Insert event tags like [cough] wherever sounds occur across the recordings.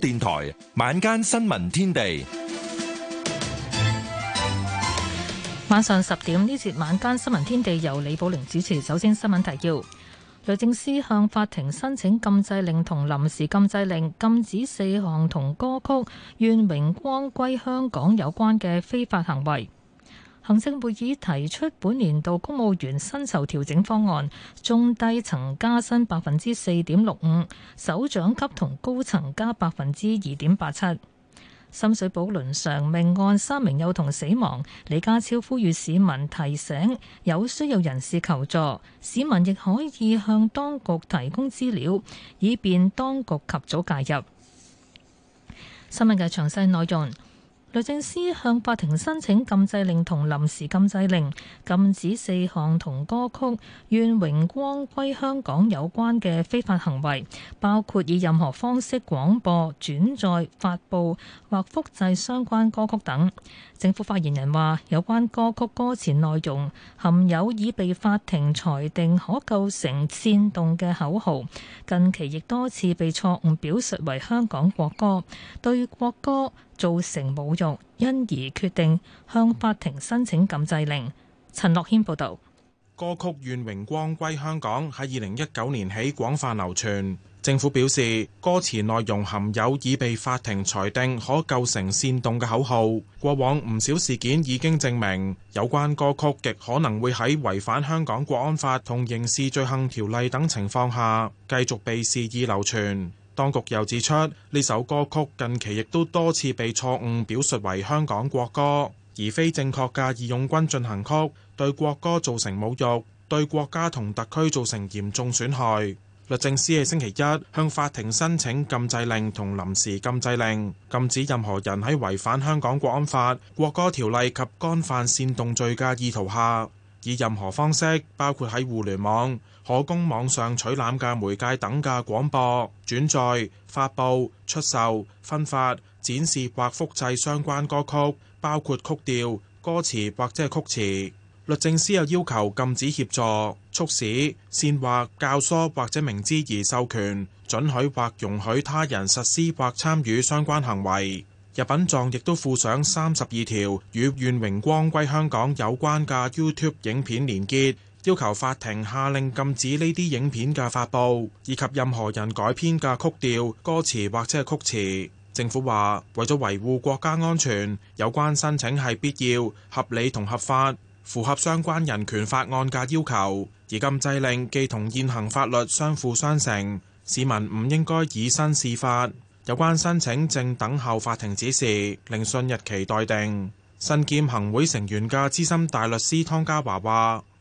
電台晚間新聞天地，晚上十點呢節晚間新聞天地由李寶玲主持。首先，新聞提要：律政司向法庭申請禁制令同臨時禁制令，禁止四項同歌曲《願榮光歸香港》有關嘅非法行為。行政會議提出本年度公務員薪酬調整方案，中低層加薪百分之四點六五，首長級同高層加百分之二點八七。深水埗輪常命案三名幼童死亡，李家超呼籲市民提醒有需要人士求助，市民亦可以向當局提供資料，以便當局及早介入。新聞嘅詳細內容。律政司向法庭申請禁制令同臨時禁制令，禁止四項同歌曲《願榮光歸香港》有關嘅非法行為，包括以任何方式廣播、轉載、發布或複製相關歌曲等。政府發言人話：有關歌曲歌詞內容含有已被法庭裁定可構成煽動嘅口號，近期亦多次被錯誤表述為香港國歌，對國歌造成侮辱，因而決定向法庭申請禁制令。陳樂謙報道。歌曲《願榮光歸香港》喺二零一九年起廣泛流傳，政府表示，歌詞內容含有已被法庭裁定可構成煽動嘅口號，過往唔少事件已經證明，有關歌曲極可能會喺違反香港國安法同刑事罪行條例等情況下，繼續被肆意流傳。當局又指出，呢首歌曲近期亦都多次被錯誤表述為香港國歌，而非正確嘅義勇軍進行曲，對國歌造成侮辱，對國家同特區造成嚴重損害。律政司喺星期一向法庭申請禁制令同臨時禁制令，禁止任何人喺違反香港國安法、國歌條例及干犯煽動罪嘅意圖下，以任何方式，包括喺互聯網，可供網上取覽嘅媒介等嘅廣播、轉載、發布、出售、分發、展示或複製相關歌曲，包括曲調、歌詞或者曲詞。律政司又要求禁止協助、促使、煽惑、教唆或者明知而授權、准許或容許他人實施或參與相關行為。入稟狀亦都附上三十二條與願榮光歸香港有關嘅 YouTube 影片連結。要求法庭下令禁止呢啲影片嘅發布，以及任何人改編嘅曲調、歌詞或者係曲詞。政府話為咗維護國家安全，有關申請係必要、合理同合法，符合相關人權法案嘅要求。而禁制令既同現行法律相輔相成，市民唔應該以身試法。有關申請正等候法庭指示，聆訊日期待定。身兼行會成員嘅資深大律師湯家驊話。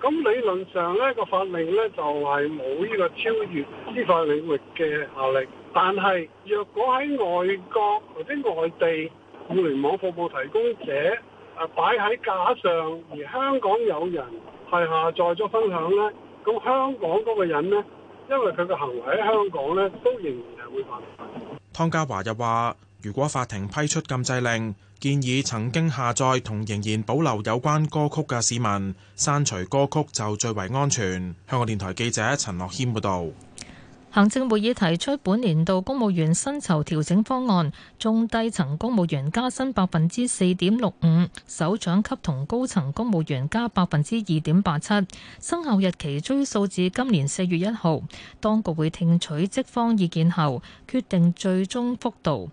咁理論上咧，個法令咧就係冇依個超越司法領域嘅效力。但係若果喺外國或者外地互聯網服務提供者，誒擺喺架上，而香港有人係下載咗分享咧，咁香港嗰個人咧，因為佢嘅行為喺香港咧都仍然係會犯法。湯家華就話，如果法庭批出禁制令，建議曾經下載同仍然保留有關歌曲嘅市民刪除歌曲就最為安全。香港電台記者陳樂軒報導。行政會議提出本年度公務員薪酬調整方案，中低層公務員加薪百分之四點六五，首長級同高層公務員加百分之二點八七，生效日期追溯至今年四月一號。當局會聽取職方意見後，決定最終幅度。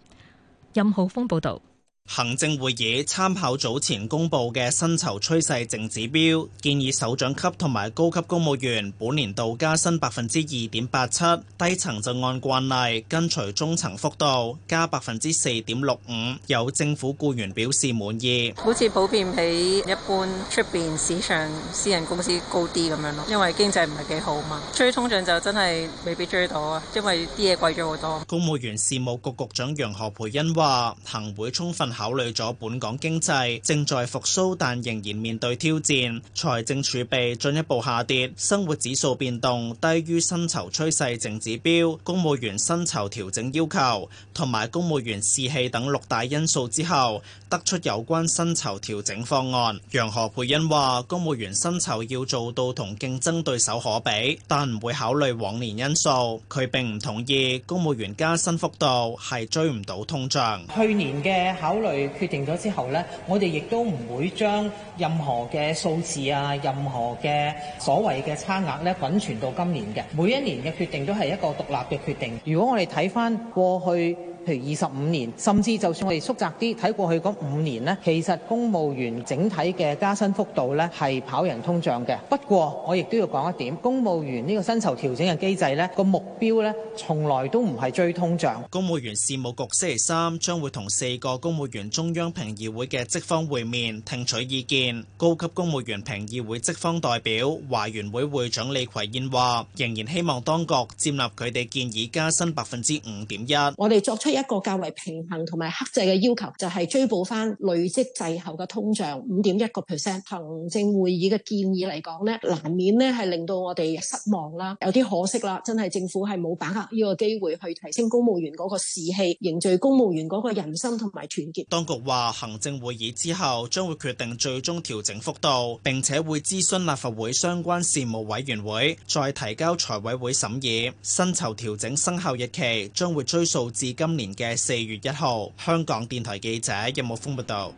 任浩峰報道。行政會議參考早前公布嘅薪酬趨勢淨指標，建議首長級同埋高級公務員本年度加薪百分之二點八七，低層就按慣例跟隨中層幅度加百分之四點六五。有政府僱員表示滿意，好似普遍比一般出邊市場、私人公司高啲咁樣咯，因為經濟唔係幾好嘛，追通脹就真係未必追到啊，因為啲嘢貴咗好多。公務員事務局局，局長楊何培恩話，行會充分，考慮咗本港經濟正在復蘇，但仍然面對挑戰；財政儲備進一步下跌，生活指數變動低於薪酬趨勢淨指標，公務員薪酬調整要求同埋公務員士氣等六大因素之後，得出有關薪酬調整方案。楊何蓓茵話：公務員薪酬要做到同競爭對手可比，但唔會考慮往年因素。佢並唔同意公務員加薪幅度係追唔到通脹。去年嘅考類決定咗之後咧，我哋亦都唔會將任何嘅數字啊，任何嘅所謂嘅差額咧，滾存到今年嘅。每一年嘅決定都係一個獨立嘅決定。如果我哋睇翻過去。譬如二十五年，甚至就算我哋縮窄啲，睇過去嗰五年咧，其實公務員整體嘅加薪幅度咧係跑贏通脹嘅。不過我亦都要講一點，公務員呢個薪酬調整嘅機制咧，個目標咧從來都唔係追通脹。公務員事務局星期三將會同四個公務員中央評議會嘅職方會面，聽取意見。高級公務員評議會職方代表華員會會長李葵燕話：仍然希望當局接納佢哋建議加薪百分之五點一。我哋作出。一個較為平衡同埋克制嘅要求，就係追補翻累積滯後嘅通脹五點一個 percent。行政會議嘅建議嚟講呢難免呢係令到我哋失望啦，有啲可惜啦。真係政府係冇把握呢個機會去提升公務員嗰個士氣，凝聚公務員嗰個人心同埋團結。當局話，行政會議之後將會決定最終調整幅度，並且會諮詢立法會相關事務委員會，再提交財委會審議。薪酬調整生效日期將會追溯至今年。年嘅四月一號，香港電台記者任武峰報道：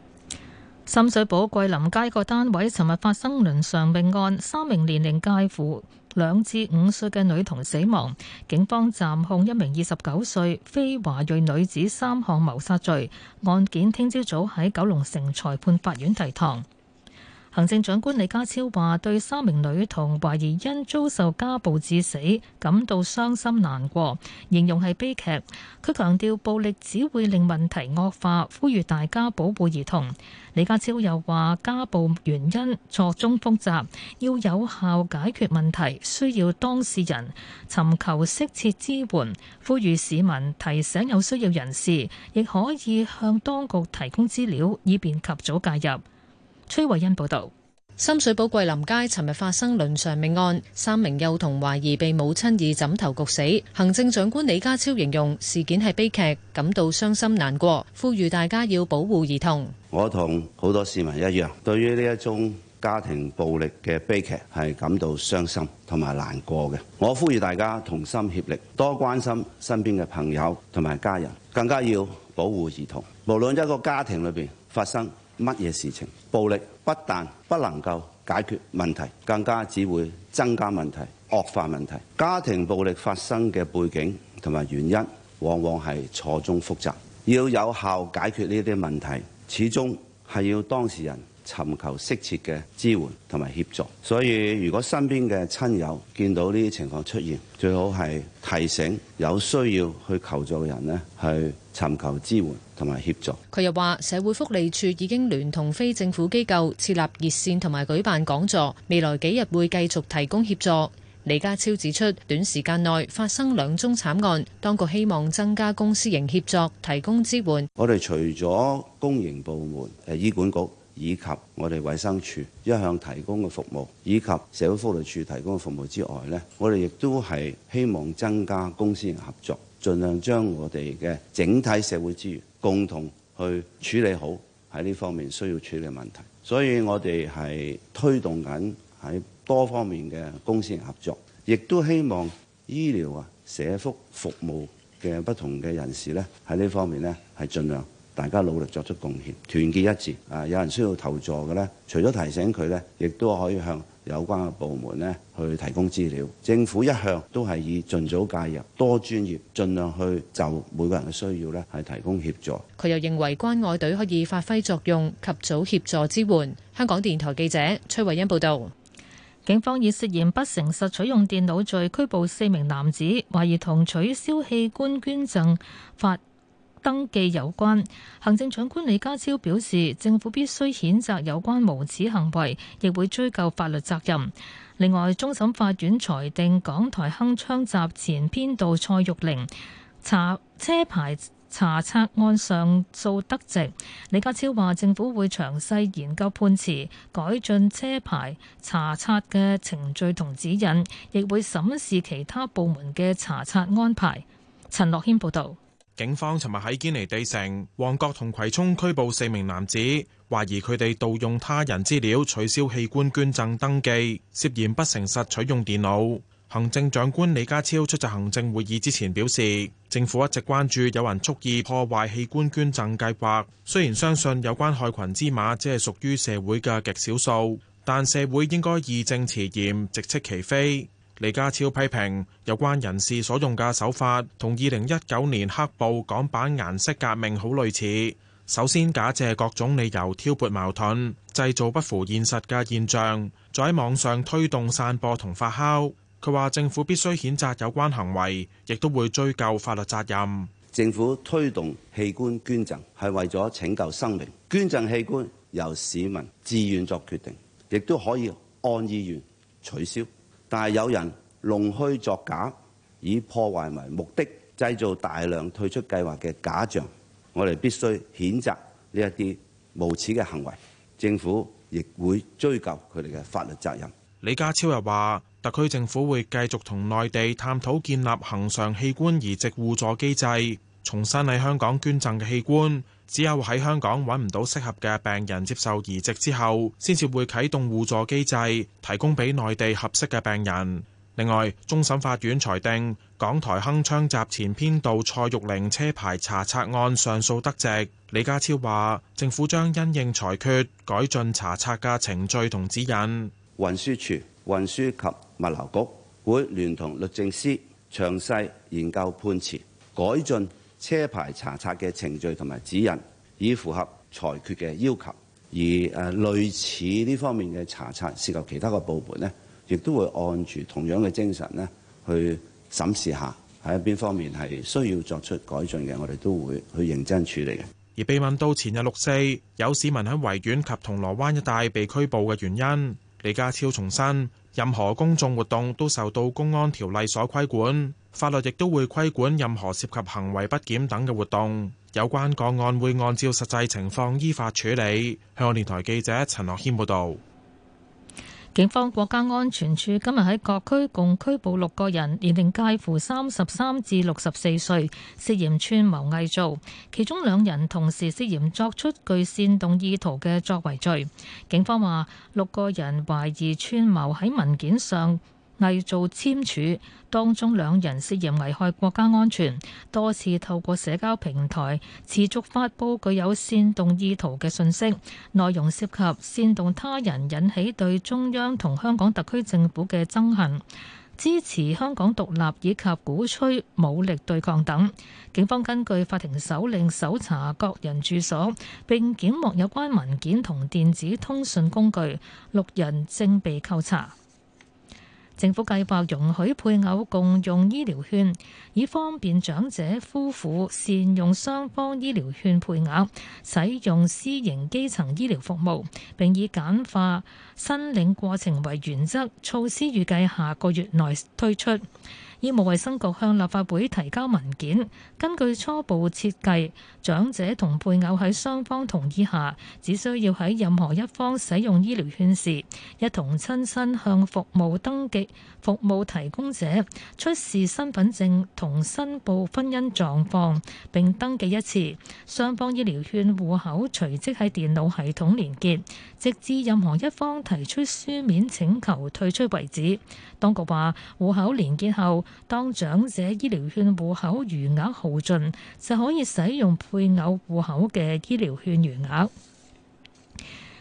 深水埗桂林街個單位，尋日發生倫常命案，三名年齡介乎兩至五歲嘅女童死亡。警方暫控一名二十九歲非華裔女子三項謀殺罪，案件聽朝早喺九龍城裁判法院提堂。行政長官李家超話：對三名女童懷疑因遭受家暴致死感到傷心難過，形容係悲劇。佢強調暴力只會令問題惡化，呼籲大家保護兒童。李家超又話：家暴原因錯綜複雜，要有效解決問題，需要當事人尋求適切支援。呼籲市民提醒有需要人士，亦可以向當局提供資料，以便及早介入。崔慧恩報道，深水埗桂林街尋日發生倫常命案，三名幼童懷疑被母親以枕頭焗死。行政長官李家超形容事件係悲劇，感到傷心難過，呼籲大家要保護兒童。我同好多市民一樣，對於呢一宗家庭暴力嘅悲劇係感到傷心同埋難過嘅。我呼籲大家同心協力，多關心身邊嘅朋友同埋家人，更加要保護兒童。無論一個家庭裏邊發生乜嘢事情，暴力不但不能夠解決問題，更加只會增加問題、惡化問題。家庭暴力發生嘅背景同埋原因，往往係錯綜複雜。要有效解決呢啲問題，始終係要當事人尋求適切嘅支援同埋協助，所以如果身邊嘅親友見到呢啲情況出現，最好係提醒有需要去求助嘅人呢去尋求支援同埋協助。佢又話，社會福利署已經聯同非政府機構設立熱線同埋舉辦講座，未來幾日會繼續提供協助。李家超指出，短時間內發生兩宗慘案，當局希望增加公私營協助，提供支援。我哋除咗公營部門，誒、呃、醫管局，以及我哋衛生署一向提供嘅服務，以及社會福利處提供嘅服務之外咧，我哋亦都係希望增加公私合作，盡量將我哋嘅整體社會資源共同去處理好喺呢方面需要處理嘅問題。所以我哋係推動緊喺多方面嘅公私合作，亦都希望醫療啊、社福服務嘅不同嘅人士咧，喺呢方面咧係盡量。大家努力作出貢獻團結一致。啊，有人需要投助嘅咧，除咗提醒佢咧，亦都可以向有關嘅部門咧去提供資料。政府一向都係以盡早介入、多專業，盡量去就每個人嘅需要咧係提供協助。佢又認為關愛隊可以發揮作用，及早協助支援。香港電台記者崔慧欣報道。警方以涉嫌不誠實取用電腦罪拘捕四名男子，懷疑同取消器官捐贈法登記有關，行政長官李家超表示，政府必須譴責有關無恥行為，亦會追究法律責任。另外，終審法院裁定港台《鏗鏘集》前編導蔡玉玲查車牌查冊案上訴得直。李家超話，政府會詳細研究判詞，改進車牌查冊嘅程序同指引，亦會審視其他部門嘅查冊安排。陳樂軒報導。警方尋日喺堅尼地城、旺角同葵涌拘捕四名男子，懷疑佢哋盜用他人資料取消器官捐贈登記，涉嫌不誠實取用電腦。行政長官李家超出席行政會議之前表示，政府一直關注有人蓄意破壞器官捐贈計劃。雖然相信有關害群之馬只係屬於社會嘅極少數，但社會應該義正辭嚴，直斥其非。李家超批評有關人士所用嘅手法，同二零一九年黑暴港版顏色革命好類似。首先假借各種理由挑撥矛盾，製造不符現實嘅現象，再喺網上推動散播同發酵。佢話政府必須譴責有關行為，亦都會追究法律責任。政府推動器官捐贈係為咗拯救生命，捐贈器官由市民自願作決定，亦都可以按意願取消。但有人弄虛作假，以破壞為目的，製造大量退出計劃嘅假象，我哋必須譴責呢一啲無恥嘅行為。政府亦會追究佢哋嘅法律責任。李家超又話，特區政府會繼續同內地探討建立恒常器官移植互助機制，重新喺香港捐贈嘅器官。只有喺香港揾唔到適合嘅病人接受移植之後，先至會啟動互助機制，提供俾內地合適嘅病人。另外，終審法院裁定港台鏗鏘集前編導蔡玉玲車牌查冊案上訴得直。李家超話政府將因應裁決改進查冊嘅程序同指引。運輸處運輸及物流局會聯同律政司詳細研究判詞改進。車牌查冊嘅程序同埋指引已符合裁決嘅要求，而誒，類似呢方面嘅查冊，涉及其他嘅部門呢亦都會按住同樣嘅精神呢去審視下喺邊方面係需要作出改進嘅，我哋都會去認真處理嘅。而被問到前日六四有市民喺維園及銅鑼灣一帶被拘捕嘅原因，李家超重申。任何公眾活動都受到公安條例所規管，法律亦都會規管任何涉及行為不檢等嘅活動。有關個案會按照實際情況依法處理。香港電台記者陳樂軒報導。警方國家安全處今日喺各區共拘捕六個人，年齡介乎三十三至六十四歲，涉嫌串謀偽造。其中兩人同時涉嫌作出具煽動意圖嘅作為罪。警方話六個人懷疑串謀喺文件上。偽造簽署，當中兩人涉嫌危害國家安全，多次透過社交平台持續發佈具有煽動意圖嘅信息，內容涉及煽動他人引起對中央同香港特區政府嘅憎恨、支持香港獨立以及鼓吹武力對抗等。警方根據法庭手令搜查各人住所並檢獲有關文件同電子通訊工具，六人正被扣查。政府計劃容許配偶共用醫療券，以方便長者夫婦善用雙方醫療券配額，使用私營基層醫療服務，並以簡化申領過程為原則，措施預計下個月內推出。醫務衛生局向立法會提交文件，根據初步設計，長者同配偶喺雙方同意下，只需要喺任何一方使用醫療券時，一同親身向服務登記服務提供者出示身份證同申報婚姻狀況，並登記一次，雙方醫療券戶口隨即喺電腦系統連結，直至任何一方提出書面請求退出為止。當局話，戶口連結後，當長者醫療券戶口餘額耗盡，就可以使用配偶戶口嘅醫療券餘額。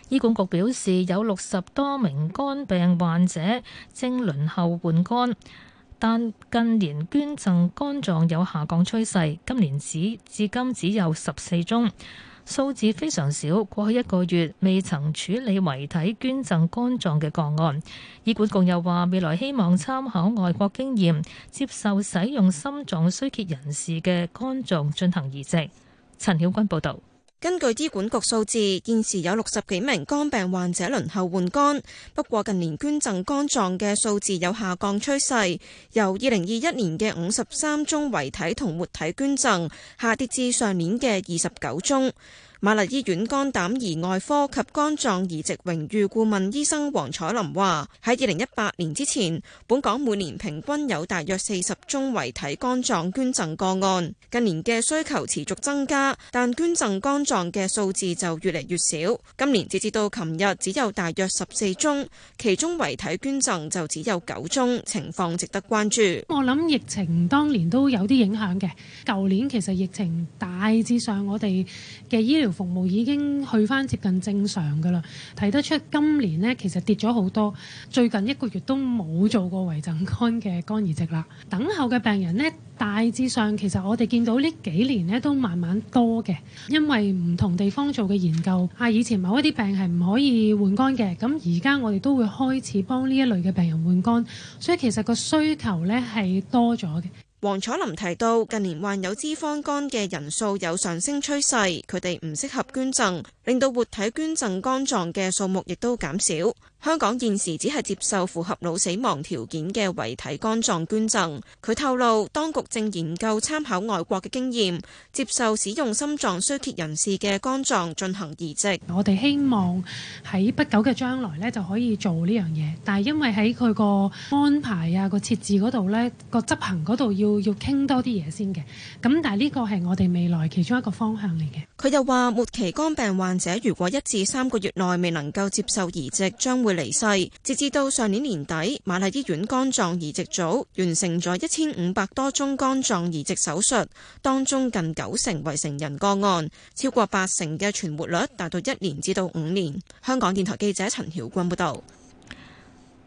醫管局表示，有六十多名肝病患者正輪候換肝，但近年捐贈肝臟有下降趨勢，今年至至，至今只有十四宗。數字非常少，過去一個月未曾處理遺體捐贈肝臟嘅個案。醫管局又話，未來希望參考外國經驗，接受使用心臟衰竭人士嘅肝臟進行移植。陳曉君報導。根據醫管局數字，現時有六十幾名肝病患者輪候換肝。不過近年捐贈肝臟嘅數字有下降趨勢，由二零二一年嘅五十三宗遺體同活體捐贈，下跌至上年嘅二十九宗。瑪麗醫院肝膽胰外科及肝臟移植榮譽顧問醫生黃彩琳話：喺二零一八年之前，本港每年平均有大約四十宗遺體肝臟捐贈個案。近年嘅需求持續增加，但捐贈肝臟嘅數字就越嚟越少。今年截至到琴日，只有大約十四宗，其中遺體捐贈就只有九宗，情況值得關注。我諗疫情當年都有啲影響嘅。舊年其實疫情大致上我哋嘅醫療服務已經去返接近正常㗎啦，睇得出今年呢，其實跌咗好多，最近一個月都冇做過遺贈肝嘅肝移植啦。等候嘅病人呢，大致上其實我哋見到呢幾年呢都慢慢多嘅，因為唔同地方做嘅研究，啊以前某一啲病係唔可以換肝嘅，咁而家我哋都會開始幫呢一類嘅病人換肝，所以其實個需求呢係多咗嘅。黃楚霖提到，近年患有脂肪肝嘅人數有上升趨勢，佢哋唔適合捐贈，令到活體捐贈肝臟嘅數目亦都減少。香港現時只係接受符合腦死亡條件嘅遺體肝臟捐贈。佢透露，當局正研究參考外國嘅經驗，接受使用心臟衰竭人士嘅肝臟進行移植。我哋希望喺不久嘅將來咧，就可以做呢樣嘢。但係因為喺佢個安排啊、個設置嗰度咧、個執行嗰度要要傾多啲嘢先嘅。咁但係呢個係我哋未來其中一個方向嚟嘅。佢又話末期肝病患者如果一至三個月內未能夠接受移植，將會。離世，直至到上年年底，瑪麗醫院肝臟移植組完成咗一千五百多宗肝臟移植手術，當中近九成為成人個案，超過八成嘅存活率達到一年至到五年。香港電台記者陳曉君報道。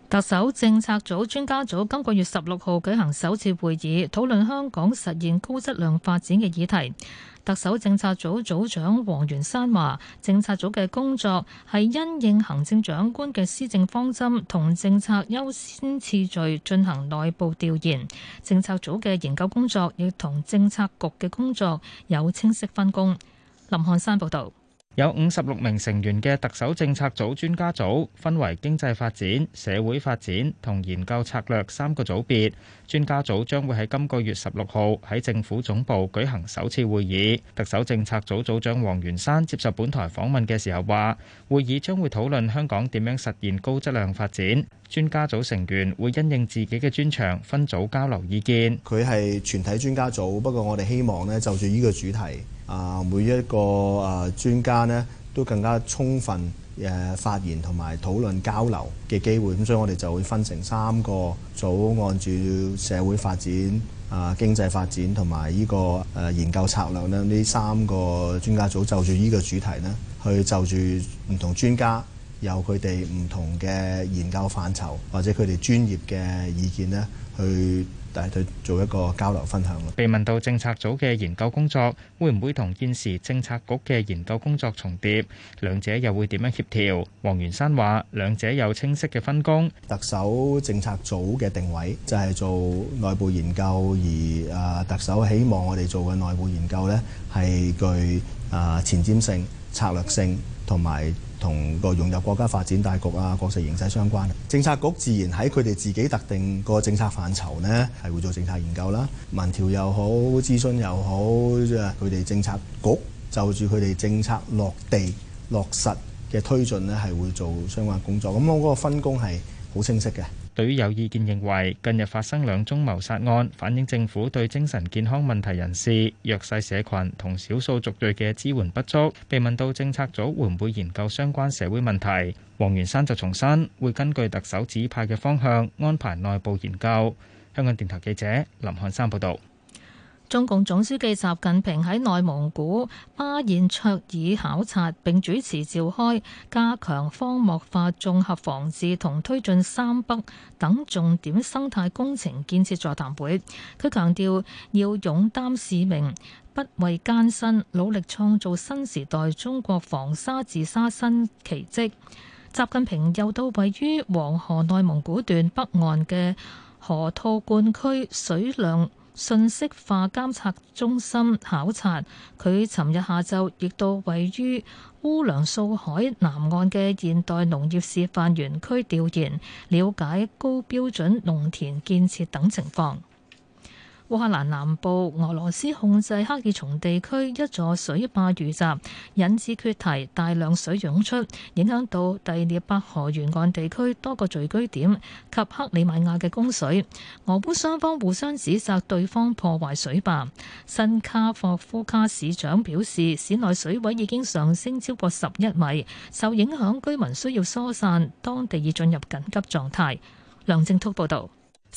特首政策組專家組今個月十六號舉行首次會議，討論香港實現高質量發展嘅議題。特首政策組組長黃元山話政策組嘅工作係因應行政長官嘅施政方針同政策優先次序進行內部調研，政策組嘅研究工作要同政策局嘅工作有清晰分工。林漢山報道。有五十六名成員嘅特首政策組專家組分為經濟發展、社會發展同研究策略三個組別，專家組將會喺今個月十六號喺政府總部舉行首次會議，特首政策組組長黃元山接受本台訪問嘅時候話會議將會討論香港點樣實現高質量發展。專家組成員會因應自己嘅專長，分組交流意見。佢係全體專家組，不過我哋希望咧就住呢個主題，啊每一個啊專家咧都更加充分誒發言同埋討論交流嘅機會。咁所以我哋就會分成三個組，按住社會發展、啊經濟發展同埋呢個誒研究策略咧，呢三個專家組就住呢個主題咧，去就住唔同專家。由佢哋唔同嘅研究範疇，或者佢哋專業嘅意見咧，去大家做一個交流分享。被問到政策組嘅研究工作會唔會同現時政策局嘅研究工作重疊，兩者又會點樣協調？黃元山話：兩者有清晰嘅分工。特首政策組嘅定位就係做內部研究，而啊，特首希望我哋做嘅內部研究咧，係具啊前瞻性、策略性同埋。同個融入國家發展大局啊、國際形勢相關，政策局自然喺佢哋自己特定個政策範疇呢，係會做政策研究啦，民調又好，諮詢又好，即係佢哋政策局就住佢哋政策落地落實嘅推進呢，係會做相關工作。咁我嗰個分工係好清晰嘅。對於有意見認為近日發生兩宗謀殺案，反映政府對精神健康問題人士、弱勢社群同少數族裔嘅支援不足，被問到政策組會唔會研究相關社會問題，黃元山就重申會根據特首指派嘅方向安排內部研究。香港電台記者林漢山報導。中共總書記習近平喺內蒙古巴彥淖爾考察並主持召開加強荒漠化綜合防治同推進三北等重點生態工程建設座談會。佢強調要勇擔使命、不畏艱辛，努力創造新時代中國防沙治沙新奇蹟。習近平又到位於黃河內蒙古段北岸嘅河套灌區水量信息化監測中心考察，佢尋日下晝亦到位於烏梁素海南岸嘅現代農業示範園區調研，了解高標準農田建設等情況。烏克蘭南部、俄羅斯控制克爾松地區一座水壩遇襲，引致決堤，大量水湧出，影響到第聶伯河沿岸地區多個聚居點及克里米亞嘅供水。俄烏雙方互相指責對方破壞水壩。新卡霍夫卡市長表示，市內水位已經上升超過十一米，受影響居民需要疏散，當地已進入緊急狀態。梁正滔報道。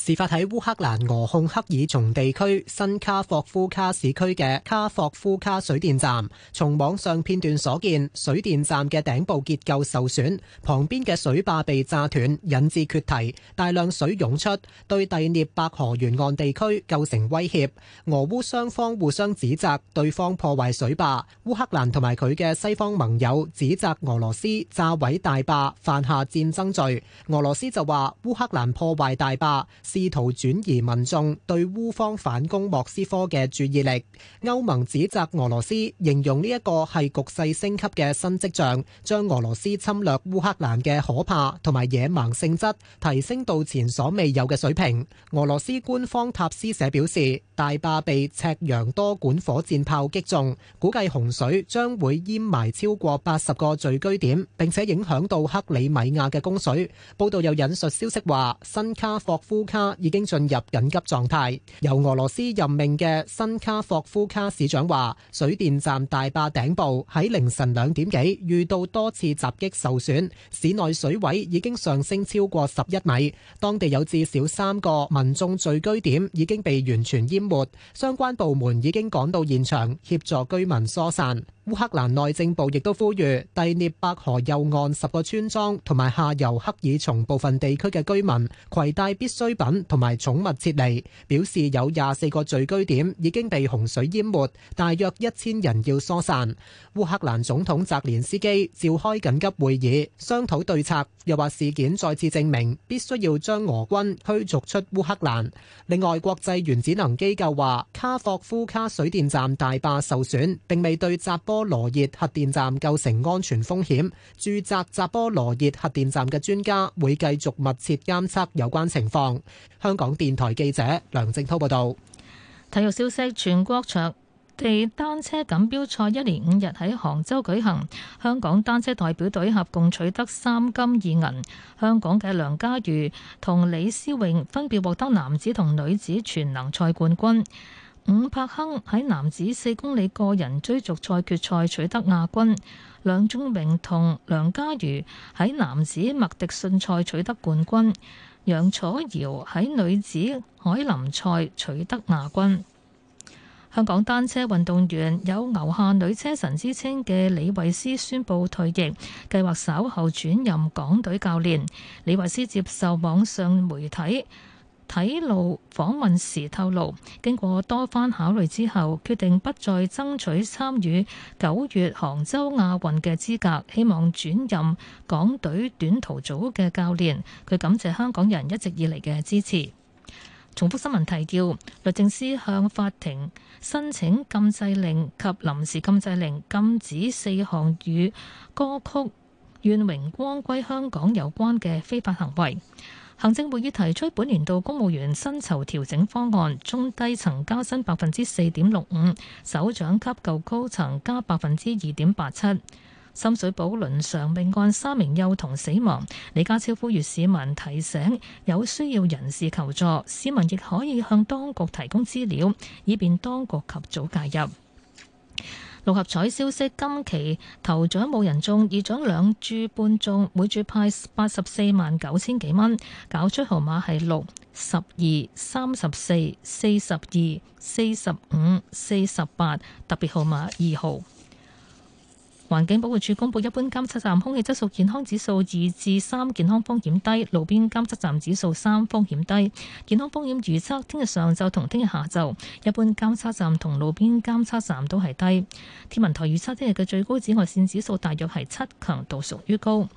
事發喺烏克蘭俄控克爾松地區新卡霍夫卡市區嘅卡霍夫卡水電站，從網上片段所見，水電站嘅頂部結構受損，旁邊嘅水壩被炸斷，引致決堤，大量水湧出，對第涅伯河沿岸地區構成威脅。俄烏雙方互相指責對方破壞水壩，烏克蘭同埋佢嘅西方盟友指責俄羅斯炸毀大壩，犯下戰爭罪。俄羅斯就話烏克蘭破壞大壩。試圖轉移民眾對烏方反攻莫斯科嘅注意力。歐盟指責俄羅斯，形容呢一個係局勢升級嘅新跡象，將俄羅斯侵略烏克蘭嘅可怕同埋野蠻性質提升到前所未有嘅水平。俄羅斯官方塔斯社表示，大壩被赤楊多管火箭炮擊中，估計洪水將會淹埋超過八十個聚居點，並且影響到克里米亞嘅供水。報道有引述消息話，新卡霍夫卡，已經進入緊急狀態。由俄羅斯任命嘅新卡霍夫卡市長話，水電站大壩頂部喺凌晨兩點幾遇到多次襲擊受損，市內水位已經上升超過十一米。當地有至少三個民眾聚居點已經被完全淹沒，相關部門已經趕到現場協助居民疏散。烏克蘭內政部亦都呼籲第聶伯河右岸十個村莊同埋下游赫爾松部分地區嘅居民攜帶必需品同埋寵物撤離，表示有廿四個聚居點已經被洪水淹沒，大約一千人要疏散。烏克蘭總統澤連斯基召開緊急會議商討對策，又話事件再次證明必須要將俄軍驅逐出烏克蘭。另外，國際原子能機構話卡霍夫卡水電站大壩受損，並未對扎波波羅熱核電站構成安全風險，駐紮紮波羅熱核電站嘅專家會繼續密切監測有關情況。香港電台記者梁正濤報道。體育消息：全國場地單車錦標賽一連五日喺杭州舉行，香港單車代表隊合共取得三金二銀。香港嘅梁家瑜同李思穎分別獲得男子同女子全能賽冠軍。伍柏亨喺男子四公里個人追逐賽決賽取得亞軍，梁忠明同梁嘉如喺男子麥迪遜賽取得冠軍，楊楚瑤喺女子凱林賽取得亞軍。香港單車運動員有牛下女車神之稱嘅李慧詩宣布退役，計劃稍後轉任港隊教練。李慧詩接受網上媒體。體路訪問時透露，經過多番考慮之後，決定不再爭取參與九月杭州亞運嘅資格，希望轉任港隊短途組嘅教練。佢感謝香港人一直以嚟嘅支持。重複新聞提要：律政司向法庭申請禁制令及臨時禁制令，禁止四項與歌曲《願榮光歸香港》有關嘅非法行為。行政會議提出本年度公務員薪酬調整方案，中低層加薪百分之四點六五，首長級及高層加百分之二點八七。深水埗倫常命案三名幼童死亡，李家超呼籲市民提醒有需要人士求助，市民亦可以向當局提供資料，以便當局及早介入。六合彩消息，今期頭獎冇人中，二獎兩注半中，每注派八十四萬九千幾蚊。搞出號碼係六、十二、三十四、四十二、四十五、四十八，特別號碼二號。環境保護署公布一般監測站空氣質素健康指數二至三，健康風險低；路邊監測站指數三，風險低。健康風險預測聽日上晝同聽日下晝，一般監測站同路邊監測站都係低。天文台預測聽日嘅最高紫外線指數大約係七，強度屬於高。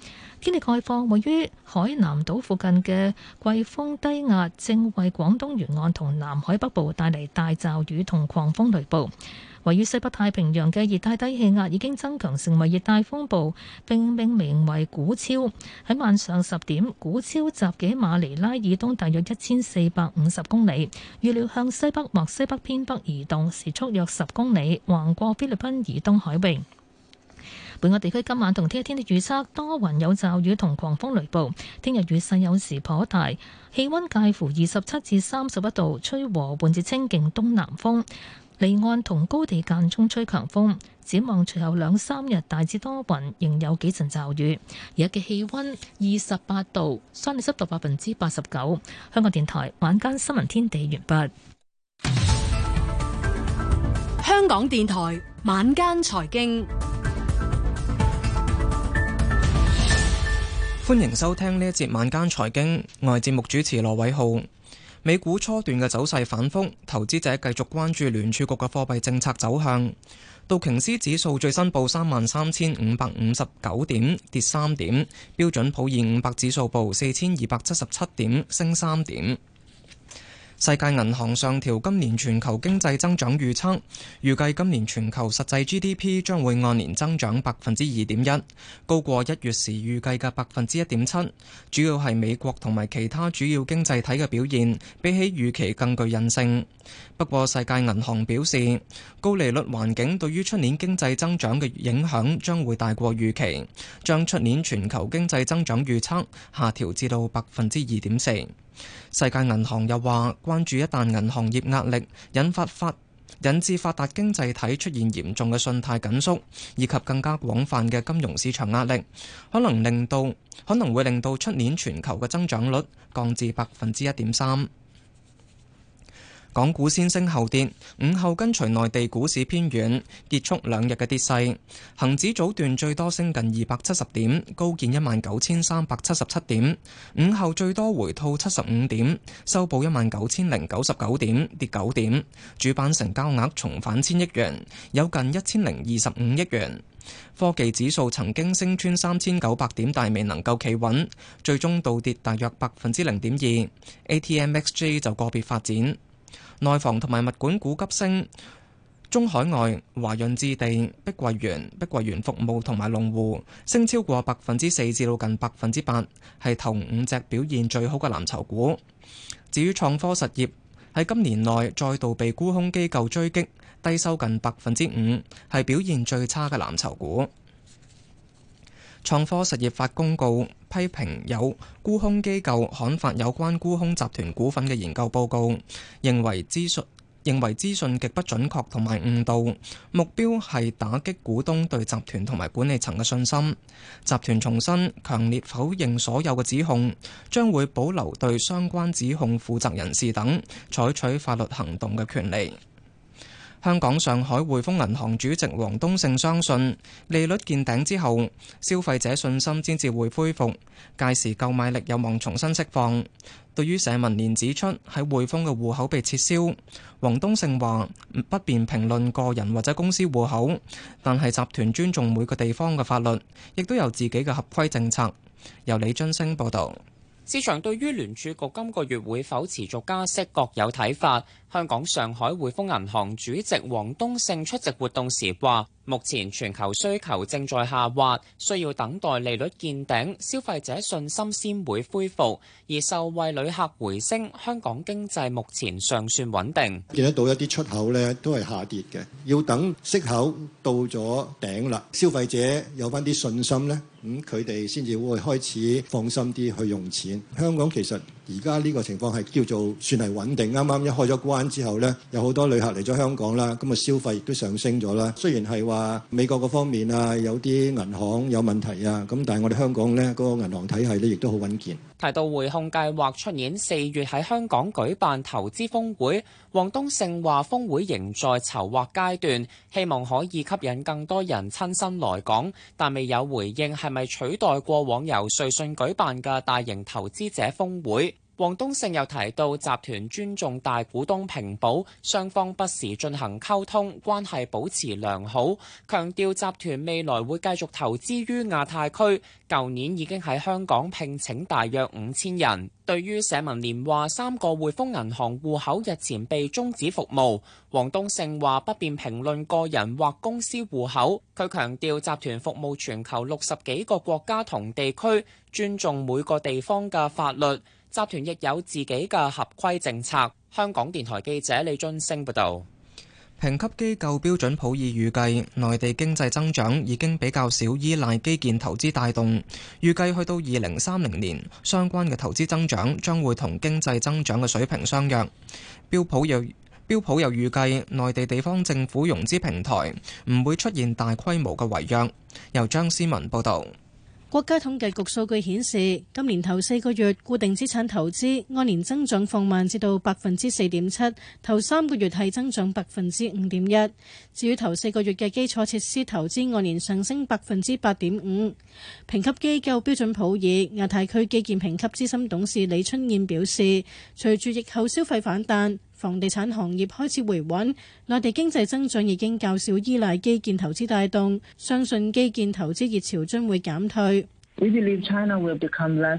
天氣概況，位於海南島附近嘅季風低壓正為廣東沿岸同南海北部帶嚟大驟雨同狂風雷暴。位於西北太平洋嘅熱帶低氣壓已經增強成為熱帶風暴，並命名為古超。喺晚上十點，古超集結馬尼拉以東大約一千四百五十公里，預料向西北或西北偏北移動，時速約十公里，橫過菲律賓以東海域。本澳地區今晚同聽日天氣預測多雲有驟雨同狂風雷暴，聽日雨勢有時頗大，氣温介乎二十七至三十一度，吹和緩至清勁東南風。離岸同高地間中吹強風，展望隨後兩三日大致多雲，仍有幾陣驟雨。而家嘅氣溫二十八度，相對濕度百分之八十九。香港電台晚間新聞天地完畢。香港電台晚間財經，歡迎收聽呢一節晚間財經，我係節目主持羅偉浩。美股初段嘅走勢反覆，投資者繼續關注聯儲局嘅貨幣政策走向。道瓊斯指數最新報三萬三千五百五十九點，跌三點，標準普爾五百指數報四千二百七十七點，升三點。世界銀行上調今年全球經濟增長預測，預計今年全球實際 GDP 將會按年增長百分之二點一，高過一月時預計嘅百分之一點七，主要係美國同埋其他主要經濟體嘅表現比起預期更具韌性。不過，世界銀行表示，高利率環境對於出年經濟增長嘅影響將會大過預期，將出年全球經濟增長預測下調至到百分之二點四。世界銀行又話，關注一旦銀行業壓力引發發，引致發達經濟體出現嚴重嘅信貸緊縮，以及更加廣泛嘅金融市場壓力，可能令到，可能會令到出年全球嘅增長率降至百分之一點三。港股先升後跌，午後跟隨內地股市偏軟，結束兩日嘅跌勢。恒指早段最多升近二百七十點，高見一萬九千三百七十七點。午後最多回吐七十五點，收報一萬九千零九十九點，跌九點。主板成交額重返千億元，有近一千零二十五億元。科技指數曾經升穿三千九百點，但未能夠企穩，最終倒跌大約百分之零點二。A T M X G 就個別發展。內房同埋物管股急升，中海外、華潤置地、碧桂園、碧桂園服務同埋龍湖升超過百分之四至到近百分之八，係頭五隻表現最好嘅藍籌股。至於創科實業，喺今年內再度被沽空機構追擊，低收近百分之五，係表現最差嘅藍籌股。創科實業發公告批評有沽空機構刊發有關沽空集團股份嘅研究報告，認為資訊認為資訊極不準確同埋誤導，目標係打擊股東對集團同埋管理層嘅信心。集團重申強烈否認所有嘅指控，將會保留對相關指控負責人士等採取法律行動嘅權利。香港上海滙豐銀行主席王冬勝相信利率見頂之後，消費者信心先至會恢復，屆時購買力有望重新釋放。對於社民連指出喺滙豐嘅戶口被撤銷，王冬勝話不便評論個人或者公司戶口，但係集團尊重每個地方嘅法律，亦都有自己嘅合規政策。由李津星報道。市場對於聯儲局今個月會否持續加息各有睇法。香港上海匯豐銀行主席王冬勝出席活動時話，目前全球需求正在下滑，需要等待利率見頂，消費者信心先會恢復。而受惠旅客回升，香港經濟目前尚算穩定。見得到一啲出口咧都係下跌嘅，要等息口到咗頂啦，消費者有翻啲信心呢，咁佢哋先至會開始放心啲去用錢。香港其實。而家呢個情況係叫做算係穩定。啱啱一開咗關之後呢，有好多旅客嚟咗香港啦，咁啊消費亦都上升咗啦。雖然係話美國嗰方面啊有啲銀行有問題啊，咁但係我哋香港呢嗰個銀行體系呢，亦都好穩健。提到回控計劃匯控，出年四月喺香港舉辦投資峰會，黃東勝話峰會仍在籌劃階段，希望可以吸引更多人親身來港，但未有回應係咪取代過往由瑞信舉辦嘅大型投資者峰會。王東勝又提到，集團尊重大股東平保，雙方不時進行溝通，關係保持良好。強調集團未來會繼續投資於亞太區，舊年已經喺香港聘請大約五千人。對於社民連話三個匯豐銀行戶口日前被終止服務，王東勝話不便評論個人或公司戶口。佢強調集團服務全球六十幾個國家同地區，尊重每個地方嘅法律。集團亦有自己嘅合規政策。香港電台記者李津升報道，評級機構標準普爾預計內地經濟增長已經比較少依賴基建投資帶動，預計去到二零三零年，相關嘅投資增長將會同經濟增長嘅水平相若。標普又標普又預計內地地方政府融資平台唔會出現大規模嘅違約。由張思文報道。國家統計局數據顯示，今年頭四個月固定資產投資按年增長放慢，至到百分之四點七。頭三個月係增長百分之五點一。至於頭四個月嘅基礎設施投資按年上升百分之八點五。評級機構標準普爾亞太區基建評級資深董事李春燕表示，隨住疫後消費反彈，房地產行業開始回穩，內地經濟增長已經較少依賴基建投資帶動，相信基建投資熱潮將會減退。We believe China will become less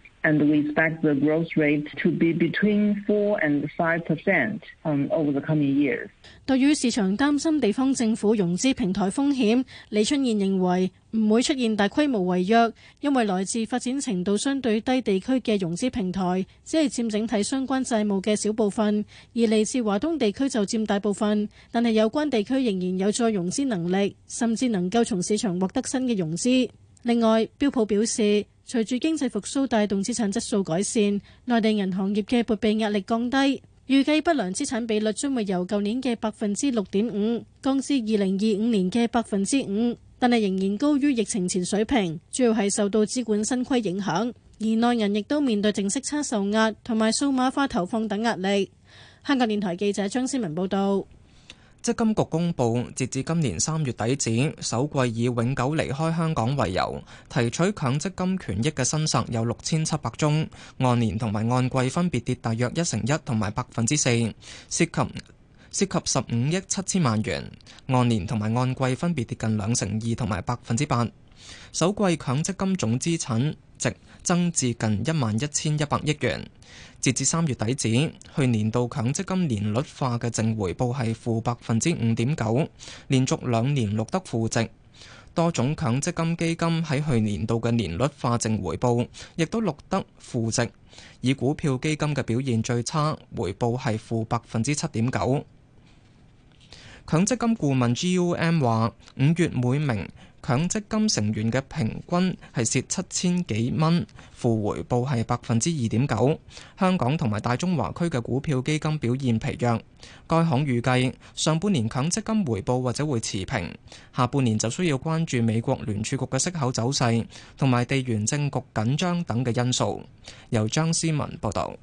and we expect the growth rate to be between four and five percent over the coming years。對於市場擔心地方政府融資平台風險，李春燕認為唔會出現大規模違約，因為來自發展程度相對低地區嘅融資平台，只係佔整體相關債務嘅小部分，而嚟自華東地區就佔大部分。但係有關地區仍然有再融資能力，甚至能夠從市場獲得新嘅融資。另外，標普表示，隨住經濟復甦帶動資產質素改善，內地銀行業嘅撥備壓力降低，預計不良資產比率將會由舊年嘅百分之六點五降至二零二五年嘅百分之五，但係仍然高於疫情前水平，主要係受到資管新規影響。而內地亦都面對淨息差受壓同埋數碼化投放等壓力。香港電台記者張思文報道。積金局公布，截至今年三月底止，首季以永久離開香港為由提取強積金權益嘅申索有六千七百宗，按年同埋按季分別跌大約一成一同埋百分之四，涉及涉及十五億七千萬元，按年同埋按季分別跌近兩成二同埋百分之八，首季強積金總資產值增至近一萬一千一百億元。截至三月底止，去年度強積金年率化嘅淨回報係負百分之五點九，連續兩年錄得負值。多種強積金基金喺去年度嘅年率化淨回報亦都錄得負值，以股票基金嘅表現最差，回報係負百分之七點九。強積金顧問 GUM 話，五月每名強積金成員嘅平均係蝕七千幾蚊，負回報係百分之二點九。香港同埋大中華區嘅股票基金表現疲弱。該行預計上半年強積金回報或者會持平，下半年就需要關注美國聯儲局嘅息口走勢，同埋地緣政局緊張等嘅因素。由張思文報導。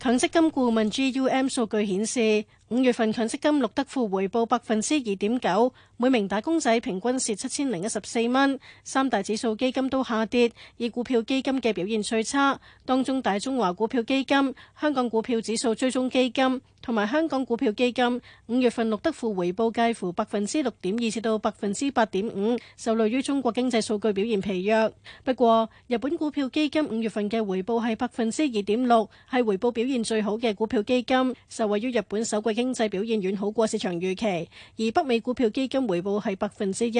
強積金顧問 GUM 數據顯示，五月份強積金錄得負回報百分之二點九，每名打工仔平均蝕七千零一十四蚊。三大指數基金都下跌，以股票基金嘅表現最差。當中大中華股票基金、香港股票指數追蹤基金同埋香港股票基金五月份錄得負回報介乎百分之六點二至到百分之八點五，受累於中國經濟數據表現疲弱。不過日本股票基金五月份嘅回報係百分之二點六，係回報表現最好嘅股票基金，受惠於日本首季經濟表現遠好過市場預期，而北美股票基金回報係百分之一。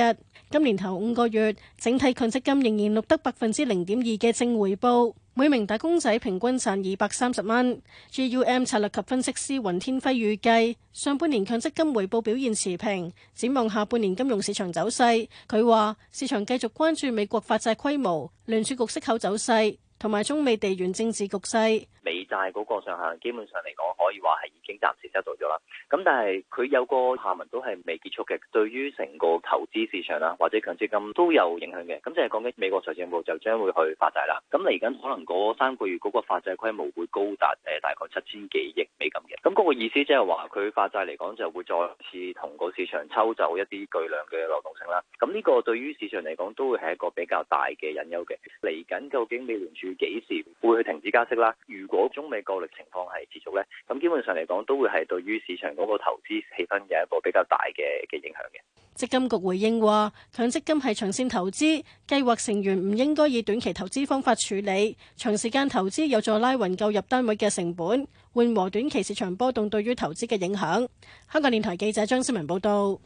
今年頭五個月，整體強積金仍然錄得百分之零點二嘅正回報，每名打工仔平均賺二百三十蚊。GUM 策略及分析師云天輝預計，上半年強積金回報表現持平，展望下半年金融市場走勢，佢話市場繼續關注美國發債規模、聯儲局息口走勢。同埋中美地緣政治局勢，美債嗰個上限基本上嚟講可以話係已經暫時得到咗啦。咁但係佢有個下文都係未結束嘅，對於成個投資市場啊或者強積金都有影響嘅。咁即係講緊美國財政部就將會去發債啦。咁嚟緊可能嗰三個月嗰個發債規模會高達誒大概七千幾億美金嘅。咁嗰個意思即係話佢發債嚟講就會再次同個市場抽走一啲巨量嘅流動性啦。咁呢個對於市場嚟講都會係一個比較大嘅隱憂嘅。嚟緊究竟美聯儲？幾時會去停止加息啦？如果中美過力情況係持續咧，咁基本上嚟講都會係對於市場嗰個投資氣氛嘅一個比較大嘅嘅影響嘅。積金局回應話強積金係長線投資計劃，成員唔應該以短期投資方法處理，長時間投資有助拉雲購入單位嘅成本，緩和短期市場波動對於投資嘅影響。香港電台記者張思文報道。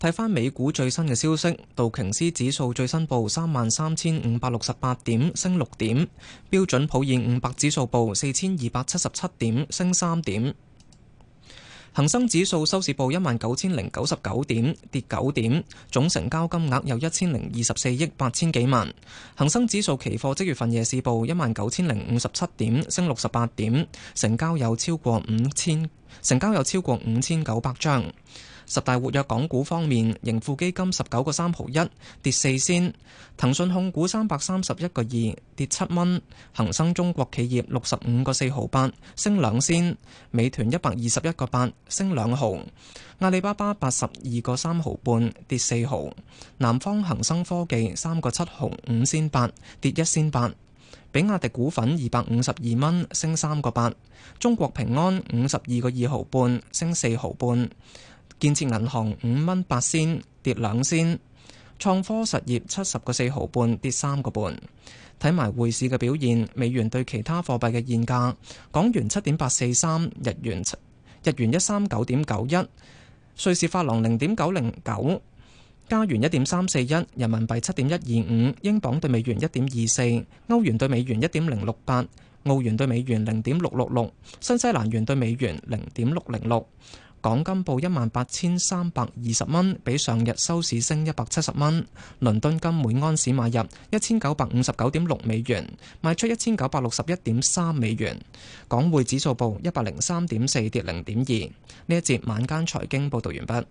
睇翻美股最新嘅消息，道瓊斯指數最新報三萬三千五百六十八點，升六點；標準普爾五百指數報四千二百七十七點，升三點。恒生指數收市報一萬九千零九十九點，跌九點。總成交金額有一千零二十四億八千幾萬。恒生指數期貨即月份夜市報一萬九千零五十七點，升六十八點，成交有超過五千，成交有超過五千九百張。十大活躍港股方面，盈富基金十九個三毫一跌四仙；騰訊控股三百三十一個二跌七蚊；恒生中國企業六十五個四毫八升兩仙；美團一百二十一個八升兩毫；阿里巴巴八十二個三毫半跌四毫；南方恒生科技三個七毫五仙八跌一仙八；比亞迪股份二百五十二蚊升三個八；中國平安五十二個二毫半升四毫半。建設銀行五蚊八仙跌兩仙，創科實業七十個四毫半跌三個半。睇埋匯市嘅表現，美元對其他貨幣嘅現價：港元七點八四三，日元七日元一三九點九一，瑞士法郎零點九零九，加元一點三四一，人民幣七點一二五，英鎊對美元一點二四，歐元對美元一點零六八，澳元對美元零點六六六，新西蘭元對美元零點六零六。港金報一萬八千三百二十蚊，比上日收市升一百七十蚊。倫敦金每安士買入一千九百五十九點六美元，賣出一千九百六十一點三美元。港匯指數報一百零三點四，跌零點二。呢一節晚間財經報道完畢。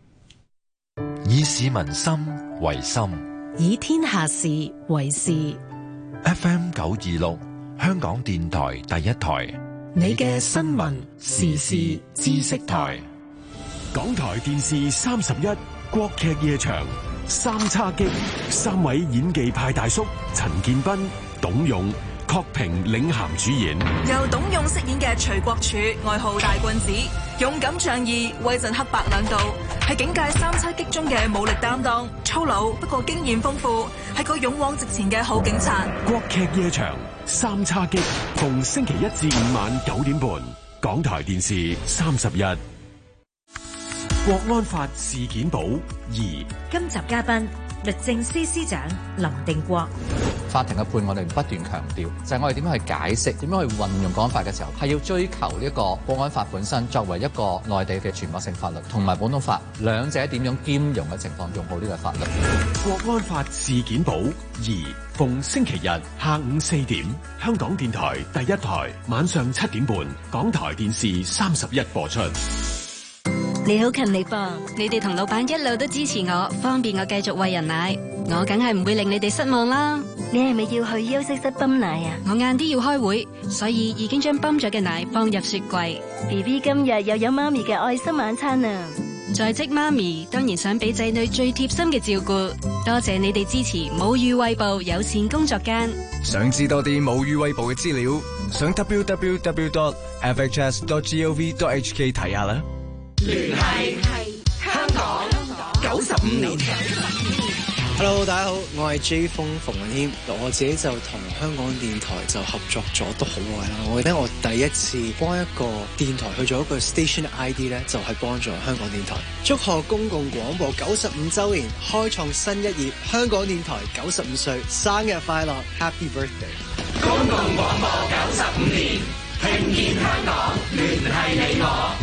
以市民心為心，以天下事為事。FM 九二六，香港電台第一台，你嘅新聞時事知識台。港台電視三十一國劇夜場三叉戟三位演技派大叔陳建斌、董勇、郝平領銜主演，由董勇飾演嘅徐國柱，外號大棍子，勇敢仗義，威震黑白兩道，係警界三叉戟中嘅武力擔當，粗魯不過經驗豐富，係個勇往直前嘅好警察。國劇夜場三叉戟，逢星期一至五晚九點半，港台電視三十一。國安法事件簿二，今集嘉賓律政司司長林定國。法庭嘅判案。我哋不斷強調，就係、是、我哋點樣去解釋，點樣去運用國安法嘅時候，係要追求呢一個國安法本身作為一個內地嘅全國性法律，同埋普通法兩者點樣兼容嘅情況，用好呢個法律。國安法事件簿二，逢星期日下午四點，香港電台第一台；晚上七點半，港台電視三十一播出。你好勤力噃！你哋同老闆一路都支持我，方便我繼續餵人奶，我梗係唔會令你哋失望啦。你係咪要去休息室泵奶啊？我晏啲要開會，所以已經將泵咗嘅奶放入雪櫃。B B 今日又有媽咪嘅愛心晚餐啦！在職媽咪當然想俾仔女最貼心嘅照顧，多謝你哋支持母乳餵哺友善工作間。想知多啲母乳餵哺嘅資料，上 w w w dot f h s dot g o v dot h k 睇下啦。聯繫係香港九十五年。 [laughs] Hello，大家好，我係 J 風馮允謙。我自己就同香港電台就合作咗都好耐啦。我記得我第一次幫一個電台去做一個 station ID 咧，就係幫助香港電台祝賀公共廣播九十五周年，開創新一頁。香港電台九十五歲生日快樂，Happy Birthday！公共廣播九十五年，聽見香港，聯繫你我。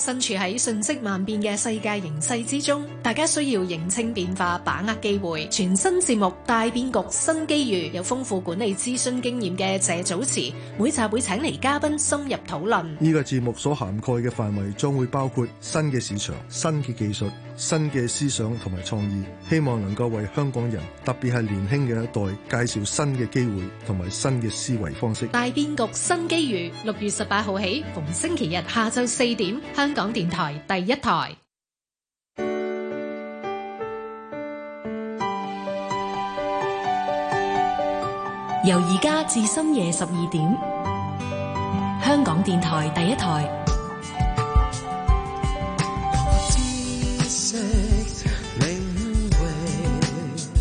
身處喺瞬息萬變嘅世界形勢之中，大家需要認清變化，把握機會。全新節目大變局，新機遇，有豐富管理諮詢經驗嘅謝祖慈，每集會請嚟嘉賓深入討論。呢個節目所涵蓋嘅範圍將會包括新嘅市場、新嘅技術。新嘅思想同埋創意，希望能夠為香港人，特別係年輕嘅一代介紹新嘅機會同埋新嘅思維方式。大變局，新機遇，六月十八號起，逢星期日下晝四點，香港電台第一台。由而家至深夜十二點，香港電台第一台。